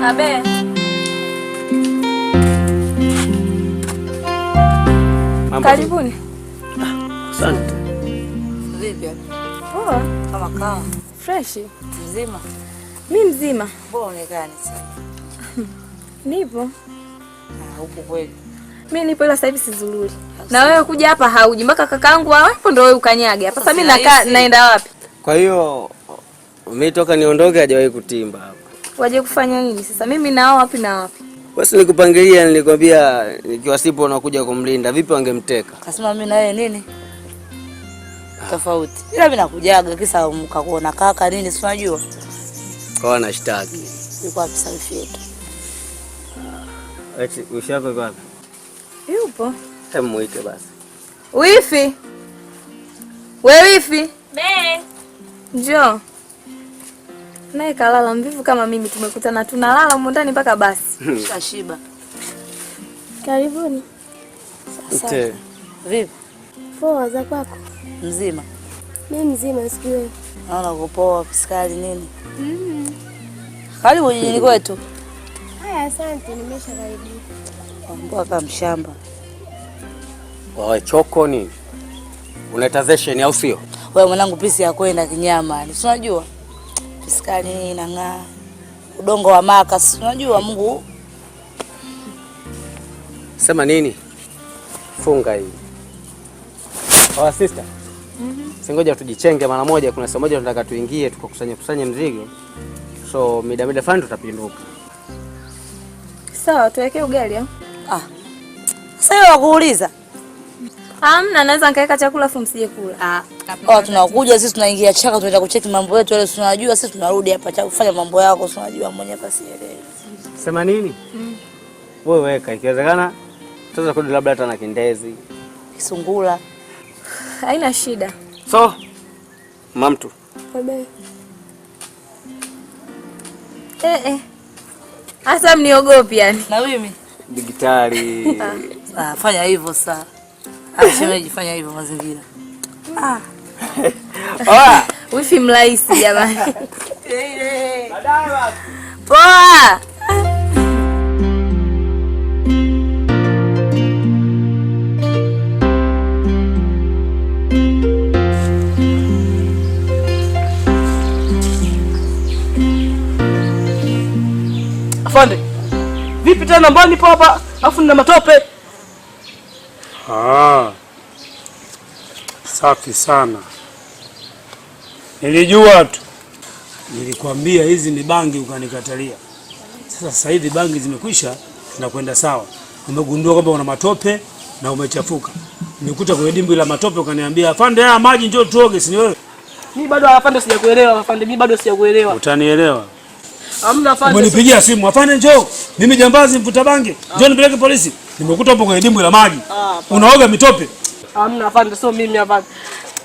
Abe. Karibuni. Asante. Vipi? Poa. Kama kama. Fresh. Mzima. Mi mzima. Mbona unaonekana sana? Nipo. Ah, upo kweli. Mi nipo ila sasa hivi sizururi. Na wewe kuja hapa hauji mpaka kakaangu hapo ndio wewe ukanyage. Hapa sasa mimi naenda wapi? Kwa hiyo mimi toka niondoke hajawahi kutimba hapa waje kufanya nini sasa? Mimi nao wapi na wapi? Basi nilikupangilia, nilikwambia nikiwa sipo kumlinda. Vipi wangemteka? Kasema mimi na yeye nini tofauti, ila mimi nakujaga kisa mkakuona kaka nini, si unajua kwa anashtaki yuko wapi? Safi yetu ah, eti ushako yuko wapi? Yupo, hem, muite basi. Wifi, Wewe wifi, be, njoo naye kalala mvivu kama mimi, tumekutana tunalala humo ndani mpaka basi kashiba. Hmm. Karibuni. Sasa vipi, poa za kwako? Mzima mimi mzima, sijui naona uko poa, kiskari nini. mm -hmm. Karibu jijini kwetu. Haya, asante, nimesha karibu. Ambua kama mshamba wawe choko nini, unaita zesheni au sio? Wewe mwanangu, pisi ya kwenda kinyama, si unajua Fiskali inang'aa, udongo wa makas unajua Mungu sema nini. Funga hii oh, sister mm -hmm. Singoja tujichenge mara moja, kuna sehemu moja tunataka tuingie, tukakusanya kusanya mzigo, so mida mida fulani tutapinduka. Sawa, tuweke ugali. Eh? Ah, sasa wakuuliza Hamna, naweza nikaweka chakula afu msije kula. Ah, oh, tunakuja sisi tunaingia chaka tunaenda kucheki mambo yetu yale, tunajua sisi tunarudi hapa cha kufanya mambo yako, tunajua mmoja hapa sielewi. Sema nini? Mm. Wewe weka ikiwezekana tutaweza kurudi labda hata na kindezi. Kisungula. Haina shida. So, mamtu. Baba. Eh eh. Asa mniogopi yani. Na mimi. Digitali. Ah. ah, fanya hivyo saa. Ashemeji, ah, hivyo mazingira. Ah. Oa. Wifi mlaisi jamani. Poa. Afande. Vipi tena mbona nipo hapa? Alafu nina matope. Aa, ah. safi sana. Nilijua tu, nilikwambia hizi ni bangi ukanikatalia. Sasa sasa hivi bangi zimekwisha, tunakwenda sawa. Umegundua kwamba una matope na umechafuka. Nikuta kwenye dimbwi la matope ukaniambia, afande, haya ah, maji njoo tuoge, si ni wewe? Mimi bado ah, afande sijakuelewa, afande, mimi bado sijakuelewa. Utanielewa. Hamna afande. Umenipigia simu, afande njoo. Mimi jambazi mvuta bangi. Njoo nipeleke polisi. Nimekuta hapo kwenye dimbwi la maji. Ah, Unaoga mitope? Hamna afande, sio mimi afande.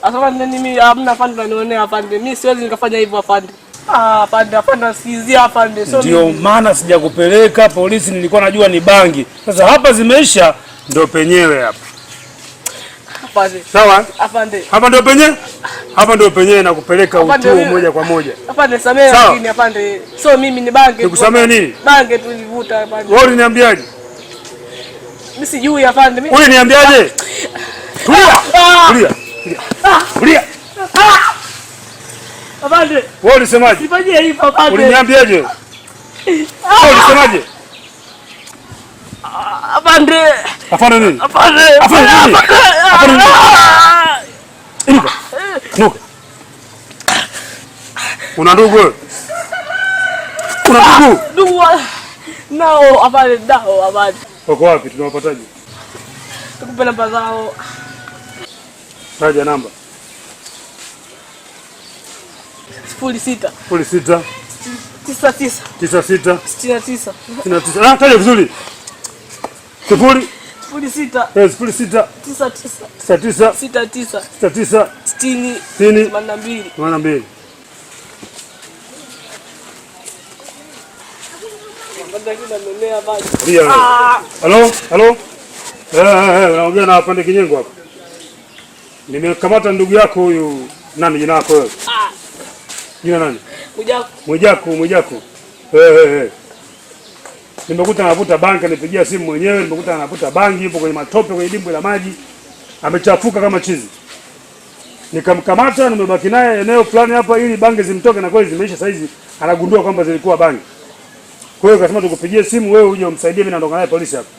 Asema Afande mimi hamna afande, na nionea afande. Mimi siwezi nikafanya hivyo afande. Ah, afande, afande sikizia afande, So Ndio maana sijakupeleka polisi, nilikuwa najua ni bangi. Sasa hapa zimeisha ndio penyewe hapa. Afande. Sawa? Afande. Hapa ndio penyewe? Hapa ndio penyewe kupeleka utuo moja kwa moja. Afande, samehe lakini afande. Sio mimi ni bangi. Nikusamehe nini? Bangi tulivuta afande. Wewe uliniambiaje? Mimi sijui afande. Mimi. Uliniambiaje? Tulia. Ah, ah. Tulia. Ah. Tulia. Afande. Wewe ulisemaje? Sifanyie hivyo afande. Uliniambiaje? Wewe ulisemaje? Afande. Afande nini? Afande. Afande nini? Afande nini? Inuka. Inuka. Una ndugu Una ndugu? Ndugu. Nao afande, nao afande. Wako wapi? Tunawapataje? Tukupe namba zao. Taja namba. Sifuri sita. Sifuri sita. Tisa tisa. Tisa sita. Sitini na tisa. Sitini na tisa. Ah, taja vizuri. Sifuri. Sifuri sita. Eh, sifuri sita. Tisa tisa. Tisa tisa. Sita tisa. Sita tisa. Sitini. Sitini. Themanini na mbili. Themanini na mbili. Halo, halo, eh, naongea na wapande kinyengo hapa. Nimekamata ndugu yako huyu. Nani jina lako wewe? Ah! Jina nani? Mwijaku. Mwijaku, Mwijaku. Eh, eh, nimekuta anavuta bangi, nipigia simu mwenyewe, nimekuta anavuta bangi, yupo kwenye matope, kwenye dimbwi la maji, amechafuka kama chizi. Nikamkamata, nimebaki naye eneo fulani hapa, ili bangi zimtoke, na kweli zimeisha. Saizi anagundua kwamba zilikuwa bangi. Kwa hiyo kasema tukupigie simu wewe uje umsaidie, mimi naondoka naye polisi hapa.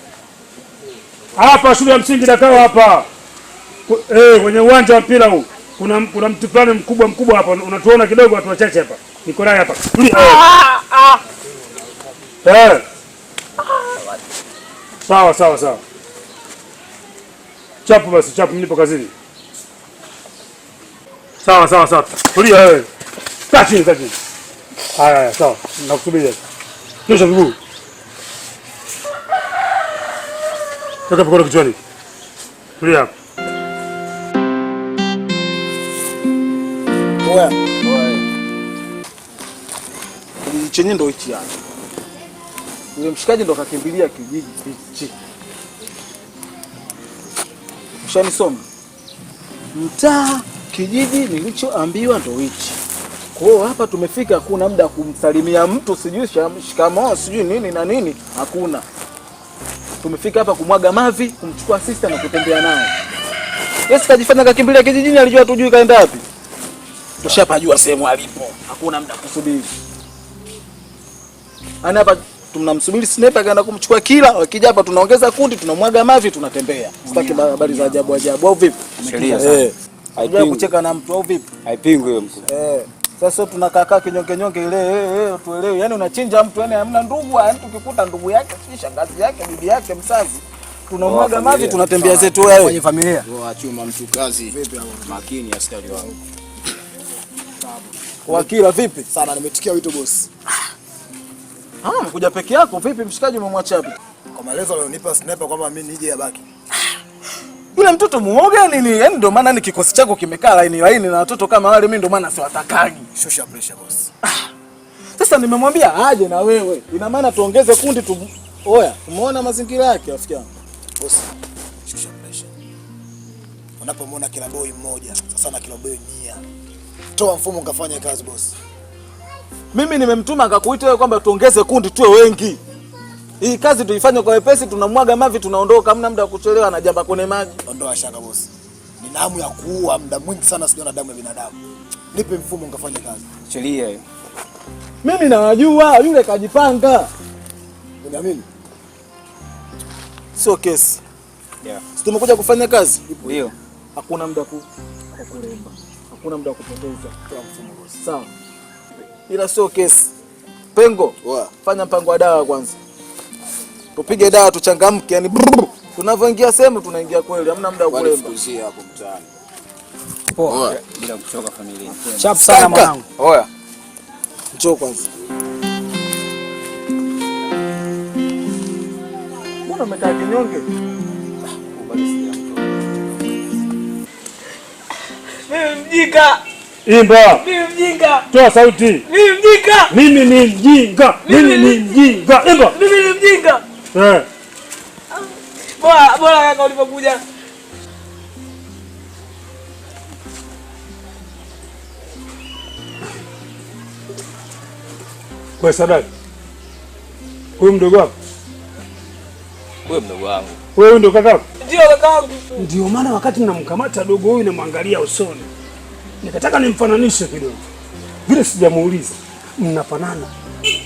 Hapa shule ya msingi Dakawa hapa. Eh, kwenye uwanja wa mpira huu. Kuna kuna mtu fulani mkubwa mkubwa hapa. Unatuona kidogo watu wachache hapa. Niko naye hapa. Ah, ah, ah. Eh. Sawa sawa sawa. Chapu basi, chapu mnipo kazini. Sawa sawa sawa. Tulia wewe. Kachini kachini. Haya sawa. Nakusubiri. Nyosha viguu. Toka viguu kichwani. Tulia hapo. Oya. Kijiji chenye ndo hichi hapa. Yule mshikaji ndo kakimbilia kijiji hichi. Ushanisoma. Mtaa kijiji nilichoambiwa ndo hichi. Kwa hiyo hapa tumefika, kuna muda kumsalimia mtu sijui shikamoo sijui nini na nini, hakuna. Tumefika hapa kumwaga mavi, kumchukua sister na kutembea naye. Yes, kajifanya kakimbilia kijijini, alijua tujui kaenda wapi. Tushapajua sehemu alipo, hakuna muda kusubiri. Ana yaani hapa tunamsubiri Snapper kaenda kumchukua, kila wakija hapa tunaongeza kundi, tunamwaga mavi, tunatembea. Sitaki habari za ajabu ajabu, au vipi? Sheria sasa. Eh. haipingi kucheka na mtu au vipi? Haipingi hiyo mtu Eh. Sasa tunakaa kinyonge nyonge ile eh, eh, eh, tuelewe. Yaani unachinja mtu yani hamna ndugu, yani tukikuta ndugu yake, si shangazi yake, bibi yake, mzazi. Tunamwaga maji tunatembea zetu wewe kwenye familia. Wewe achuma mtu kazi. Vipi hapo? Makini askari wangu. Kwa kila vipi? Sana nimetikia wito boss. Ah, umekuja peke yako vipi mshikaji umemwacha wapi? Kwa maelezo aliyonipa sniper kwamba mimi nije yabaki. Yule mtoto muoga nini? Yaani ndio maana ni kikosi chako kimekaa laini laini na watoto kama wale, mimi ndio maana siwatakagi. Shusha pressure boss. Ah. Sasa nimemwambia aje na wewe. Ina maana tuongeze kundi tu. Oya, umeona mazingira yake rafiki yangu. Boss, shusha pressure. Unapomwona kila boy mmoja, sasa na kila boy mia. Toa mfumo ukafanye kazi boss. Mimi nimemtuma akakuita wewe kwamba tuongeze kundi tuwe wengi. Hii kazi tuifanye kwa wepesi, tunamwaga mavi, tunaondoka, hamna muda wa kuchelewa na jamba kwenye maji. Ondoa shaka bosi. Ni damu ya kuua, muda mwingi sana sijaona damu ya binadamu. Nipe mfumo ngafanye kazi. Chelia, hiyo. Mimi nawajua yule kajipanga. Uniamini? Sio kesi. Yeah. Si tumekuja kufanya kazi? Ipo hiyo. Hakuna muda ku kuremba. Hakuna muda wa kupendeza. Kwa mfumo bosi. Sawa. Ila sio kesi. Pengo. Wa. Fanya mpango wa dawa kwanza tupige dawa tuchangamke, yani tunavyoingia sehemu tunaingia kweli, hamna muda wa kulemba Chap sana mwanangu. Oya. Njoo kwanza. Mbona umekaa kinyonge? Mimi mjinga. Imba. Mimi mjinga. Toa sauti. Mimi mjinga. Mimi ni mjinga. Mimi ni mjinga. Imba. Mimi ni mjinga. Eh. Bora bora kaka ulipokuja. Kwa sadaka. Huyu mdogo wako? Wewe mdogo wangu. Wewe ndio kaka? Ndio kaka wangu. Ndio maana wakati namkamata dogo huyu namwangalia usoni. Nikataka nimfananishe kidogo. Vile sijamuuliza mnafanana.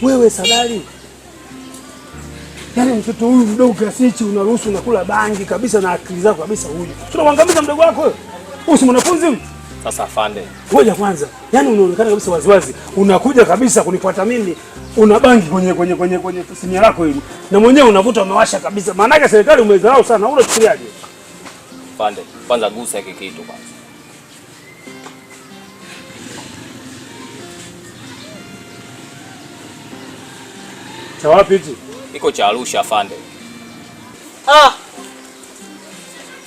Wewe Sadali Yaani mtoto huyu mdogo kiasi hichi unaruhusu unakula bangi kabisa na akili zako kabisa huyu. Tunaangamiza mdogo wako wewe. Huyu si mwanafunzi huyu. Sasa afande. Ngoja kwanza. Yaani unaonekana kabisa waziwazi unakuja kabisa kunifuata mimi una bangi kwenye kwenye kwenye kwenye sinia lako hili. Na mwenyewe unavuta umewasha kabisa. Maana yake serikali umezao sana. Una chukuliaje? Afande. Kwanza gusa hiki kitu kwanza. Cha wapi hichi? iko cha Arusha afande. Ah.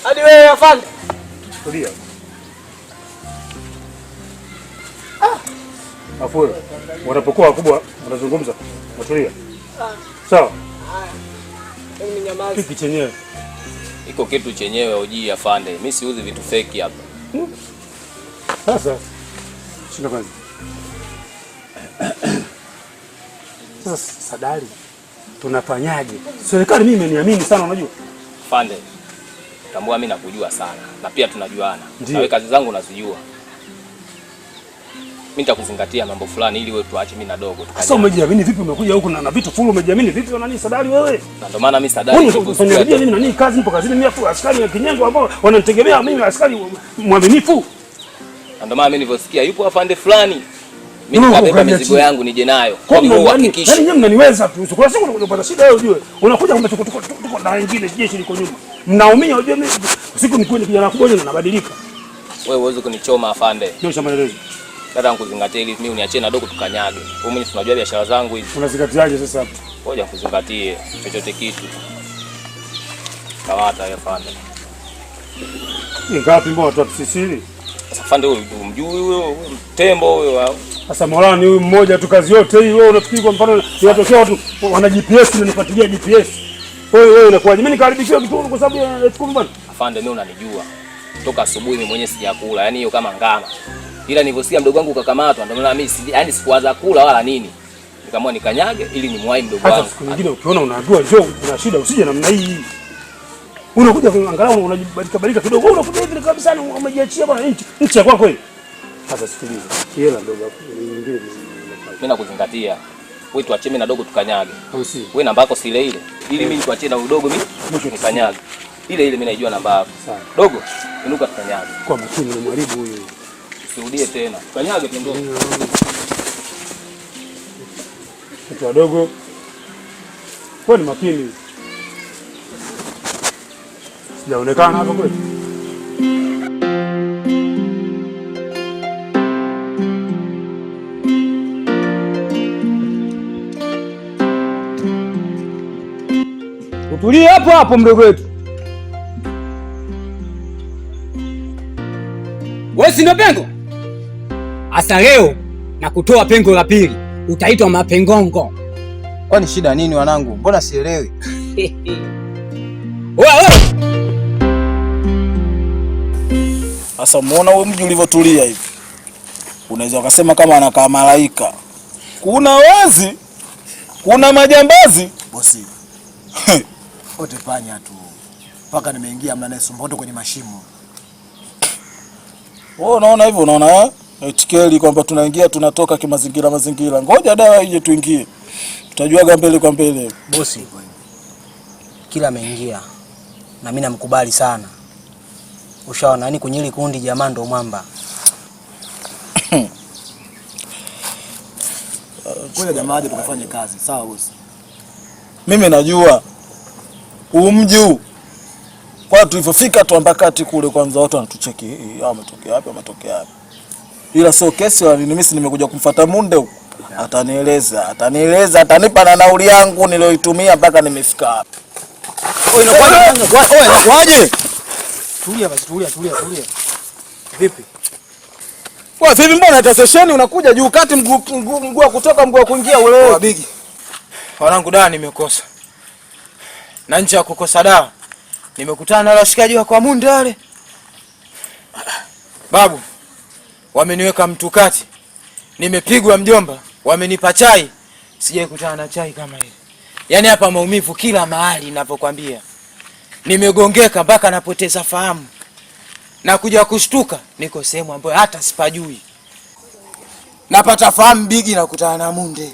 Hadi wewe afande. Tulia. Ah. Afuru. wanapokuwa wakubwa wanazungumza. Natulia. Ah. Sawa. Haya. Mimi nyamaza. Kiki chenyewe. Iko kitu chenyewe uji afande. Mimi siuzi vitu fake hapa. Hmm. Sasa shinda kwanza. Sasa sadari tunafanyaje? Serikali mimi imeniamini sana, unajua Fande, tambua mimi nakujua sana na pia tunajuana, nawe kazi zangu nazijua. Mimi nitakuzingatia mambo fulani ili wewe tuache mimi na dogo. Sasa umejiamini vipi? Umekuja huku na na vitu full, umejiamini vipi? na Nani sadari wewe? Na ndio maana mimi sadari. Unaniambia mimi na nani kazi, nipo kazini mimi, afu askari wa kinyengo ambao wananitegemea mimi, askari mwaminifu. Na ndio maana mimi nilivyosikia yupo afande fulani mimi nikabeba mizigo yangu nije nayo. Yaani uhakikishe. Yaani nyinyi mnaniweza tu. Kuna siku unakuja shida wewe ujue. Unakuja kumbe tuko tuko na wengine jeshi liko nyuma. Mnaumia ujue mimi siku ni kijana kubwa na nabadilika. Wewe uweze kunichoma afande. Ndio shamba maelezo. Dada nikuzingatie ili mimi uniachie na dogo tukanyage. Wewe mimi tunajua biashara zangu hizi. Unazingatiaje sasa hapo? Ngoja nikuzingatie chochote kitu. Kawata afande. Ni mbona watu watusisiri? Sasa fande huyo umjui huyo tembo huyo. Sasa Morani huyu mmoja tu kazi yote hii wewe unafikiri kwa mfano inatokea watu wana GPS na nifuatilia GPS. Kwa hiyo wewe unakuwa mimi nikaribishiwa kitu kwa sababu ya elfu kumi bwana. Afande ah, mimi unanijua. Toka asubuhi mimi mwenyewe sijakula. Yaani hiyo kama ngama. Ila nilivyosikia mdogo wangu ukakamatwa ndio maana mimi yaani sikuwaza kula wala nini. Nikamwona nikanyage ili nimwahi mdogo wangu. Sasa siku nyingine ukiona unaambiwa njoo kuna shida usije namna hii unakuja kwenye angalau unajibadilika badilika kidogo, unakuja hivi kabisa, umejiachia bwana, nchi nchi ya kwako hii. Sasa sikiliza, kiela ndogo hapo nyingine, mimi nakuzingatia wewe, tuachie mimi na dogo tukanyage. Wewe namba yako si ile ile, ili mimi tuachie na udogo mimi mwisho nikanyage ile ile, mimi naijua namba yako dogo. Inuka tukanyage kwa makini, ni unamharibu huyu, usirudie tena. Tukanyage tu ndogo, mtu wadogo, kwa ni makini sijaonekana hapo kweli? Utulie hapo hapo mdogo wetu. Wewe si pengo? Asa leo na kutoa pengo la pili utaitwa mapengongo. Kwani shida nini wanangu? Mbona sielewi? Wewe Sasa umeona huo mji ulivyotulia hivi, unaweza ukasema kama anakaa malaika. Kuna wezi, kuna majambazi bosi. Wote panya tu, mpaka nimeingia mnanisumbua wote kwenye mashimo. Wewe unaona hivyo, unaona eh? etikeli kwamba tunaingia tunatoka kimazingira mazingira. Ngoja dawa ije tuingie, tutajuaga mbele kwa mbele bosi. Kila ameingia na mimi namkubali sana Ushaona, yani kwenye ile kundi jamaa ndo mwamba. Kwa jamaa aje tukafanye kazi, sawa bosi? Mimi najua umju kwa tulivyofika tu mpaka kule kwanza watu wanatucheki, eh, eh, hao wapi? Wametokea wapi? Ila sio kesi, mimi si nimekuja kumfuata munde huko, atanieleza atanieleza, atanipa na nauli yangu niliyoitumia mpaka nimefika hapa. Inakuwaje? Tulia basi, tulia, tulia, tulia. Vipi? Kwa vipi mbona hata unakuja juu kati mguu mguu wa kutoka mguu wa kuingia ule. Kwa bigi. Wanangu dawa nimekosa. Na nje ya kukosa dawa. Nimekutana na washikaji wa kwa munda wale. Babu. Wameniweka mtukati. Nimepigwa mjomba, wamenipa chai. sijai kutana na chai kama hili. Yaani hapa maumivu kila mahali ninapokuambia nimegongeka mpaka napoteza fahamu na kuja kushtuka niko sehemu ambayo hata sipajui. Napata fahamu bigi, nakutana na Munde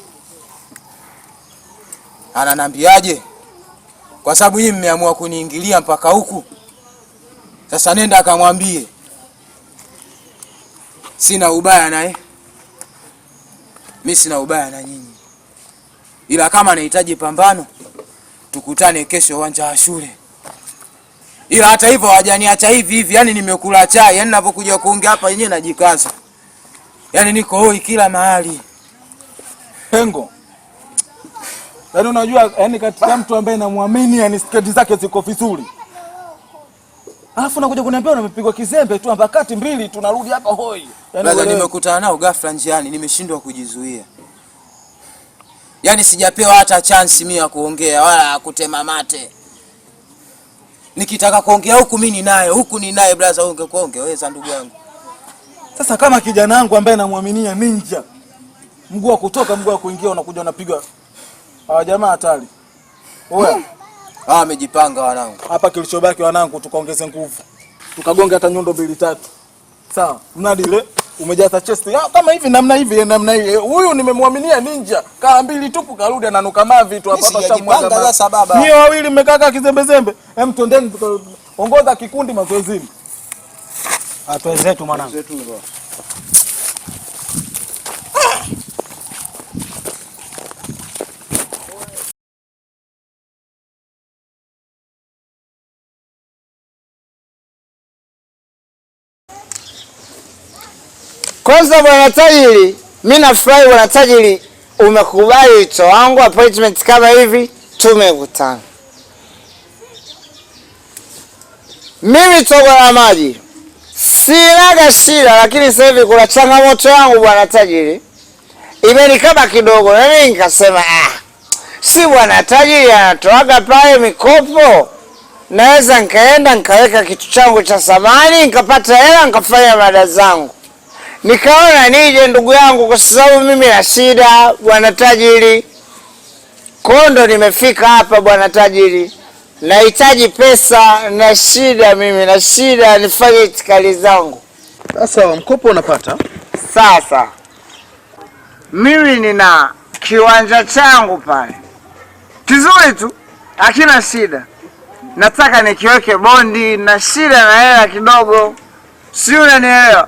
ananambiaje, kwa sababu hii mmeamua kuniingilia mpaka huku sasa, nenda akamwambie sina ubaya naye, mi sina ubaya na nyinyi, ila kama nahitaji pambano, tukutane kesho uwanja wa shule ila hata hivyo hawajaniacha hivi hivi, yani nimekula chai, yani ninapokuja kuongea hapa yenyewe najikaza, yani niko hoi kila mahali pengo. Yani unajua, yani katika mtu ambaye namwamini, yani sketi zake ziko vizuri, alafu nakuja kuniambia unapigwa kizembe tu, hapa kati mbili tunarudi hapa hoi. Yani nimekutana nao ghafla njiani, nimeshindwa kujizuia yani sijapewa hata chance mimi ya kuongea wala kutema mate nikitaka kuongea huku mimi ninaye huku ninaye brother, ungekuwa ungeweza ndugu yangu. Sasa kama kijana wangu ambaye namwaminia ninja mguu wa kutoka mguu wa kuingia, unakuja unapiga hawa jamaa hatari. Wewe hawa ah, amejipanga wanangu. Hapa kilichobaki wanangu, tukaongeze nguvu, tukagonga hata nyundo mbili tatu, sawa mnadi ile umejaza chest kama hivi namna hivi namna hivi. Huyu nimemwaminia ninja, kaa mbili tupu karudi ananuka mavi tu hapa hapa shamwaga. Sasa baba, nio wawili mmekaka kizembezembe, hem, twendeni ongoza kikundi mazoezini. zetu ah, mwanangu. Kwanza bwana tajiri, mi nafurahi bwana tajiri, umekubali wito wangu appointment kama hivi tumekutana. Mimi togo la maji sinaga shida, lakini sasa hivi kuna changamoto yangu bwana tajiri imenikaba kidogo, nami nikasema ah, si bwana tajiri anatoaga pale mikopo, naweza nikaenda nikaweka kitu changu cha samani nikapata hela nikafanya mada zangu nikaona nije ndugu yangu, kwa sababu mimi na shida bwana tajiri. Kondo nimefika hapa bwana tajiri, nahitaji pesa na shida, mimi na shida, nifanye itikali zangu. Sasa mkopo unapata? Sasa mimi nina kiwanja changu pale kizuri tu, hakina shida. Nataka nikiweke bondi na shida na hela kidogo, si unanielewa?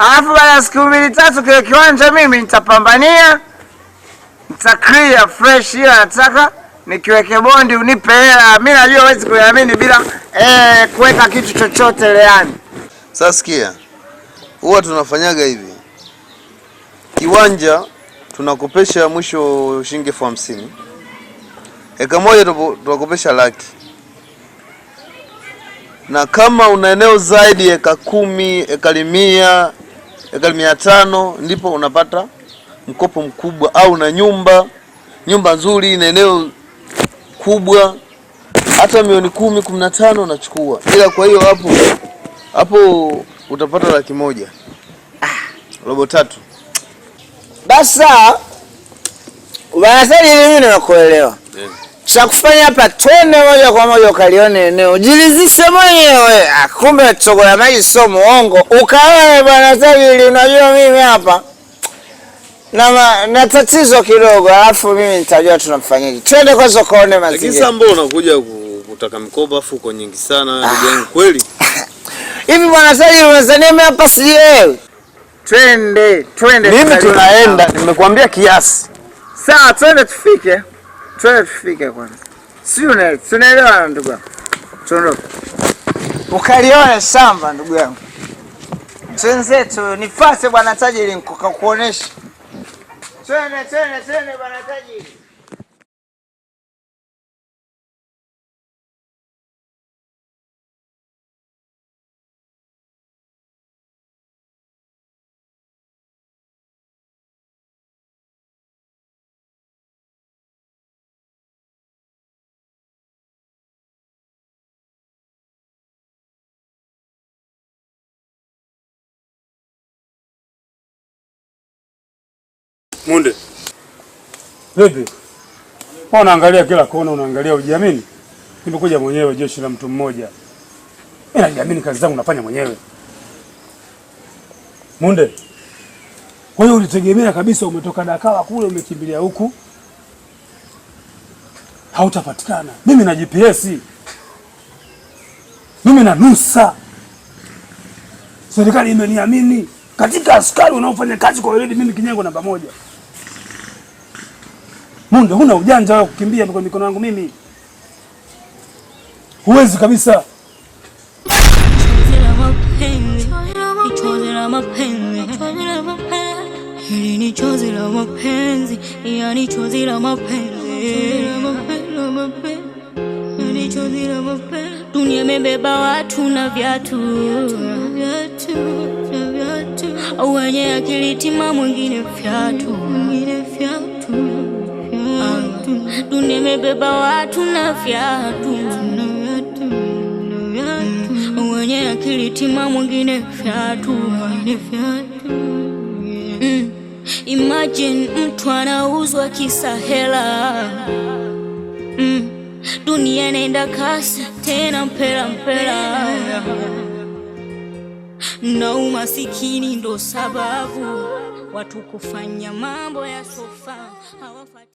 alafu baada ya siku mbili tatu kile kiwanja mimi nitapambania, nita clear fresh, ila nataka nikiweke bondi unipe hela. Mimi najua huwezi kuamini bila eh, kuweka kitu chochote leani. Sasa sikia, huwa tunafanyaga hivi, kiwanja tunakopesha mwisho shilingi elfu hamsini eka moja tunakopesha laki na kama una eneo zaidi eka kumi, eka mia ekari mia tano ndipo unapata mkopo mkubwa, au na nyumba nyumba nzuri na eneo kubwa, hata milioni kumi kumi na tano unachukua. Ila kwa hiyo hapo hapo utapata laki moja ah, robo tatu basa. Ubaya zaidi mimi nimekuelewa cha kufanya hapa, twende moja kwa moja ukalione eneo, jilizishe mwenyewe. Ah, kumbe chogola maji sio muongo, ukaona bwana tajiri. Unajua mimi hapa na, ma, na tatizo kidogo, alafu mimi nitajua tunamfanyaje. Twende kwanza ukaone mazingira. Lakini mbona unakuja kutaka mkoba afu uko nyingi sana ndugu ah. kweli? Hivi bwana tajiri unazania mimi hapa si yeye? Twende, twende. Mimi tunaenda, nimekuambia kiasi. Sawa, twende tufike. Tuende tufike kwanza, si tunaelewana ndugu yangu, tuondoke. Ukaliona samba ndugu yangu, twenzetu. Nifate bwana tajiri, nikakuonesha. Twende, twende, twende bwana tajiri. Munde. Vipi? Mbona unaangalia kila kona, unaangalia ujiamini? Nimekuja mwenyewe, jeshi la mtu mmoja. Mimi najiamini, kazi zangu nafanya mwenyewe. Munde. Kwa hiyo ulitegemea kabisa umetoka Dakawa kule umekimbilia huku hautapatikana. Mimi na GPS. Mimi na nusa. Serikali imeniamini katika askari unaofanya kazi kwa weledi, mimi kinyango namba moja. Munde, huna ujanja wa kukimbia kwa mikono yangu mimi, huwezi kabisa. Ni chozi la mapenzi, yani chozi la mapenzi. Dunia imebeba watu na viatu, wenye akili timamu, mwingine fyatu dunia imebeba watu na viatu, wenye akili timamu wengine viatu, mm. Imagine mtu anauzwa kisa hela mm. Dunia inaenda kasi tena mpela mpela, na umasikini ndo sababu watu kufanya mambo ya sofa.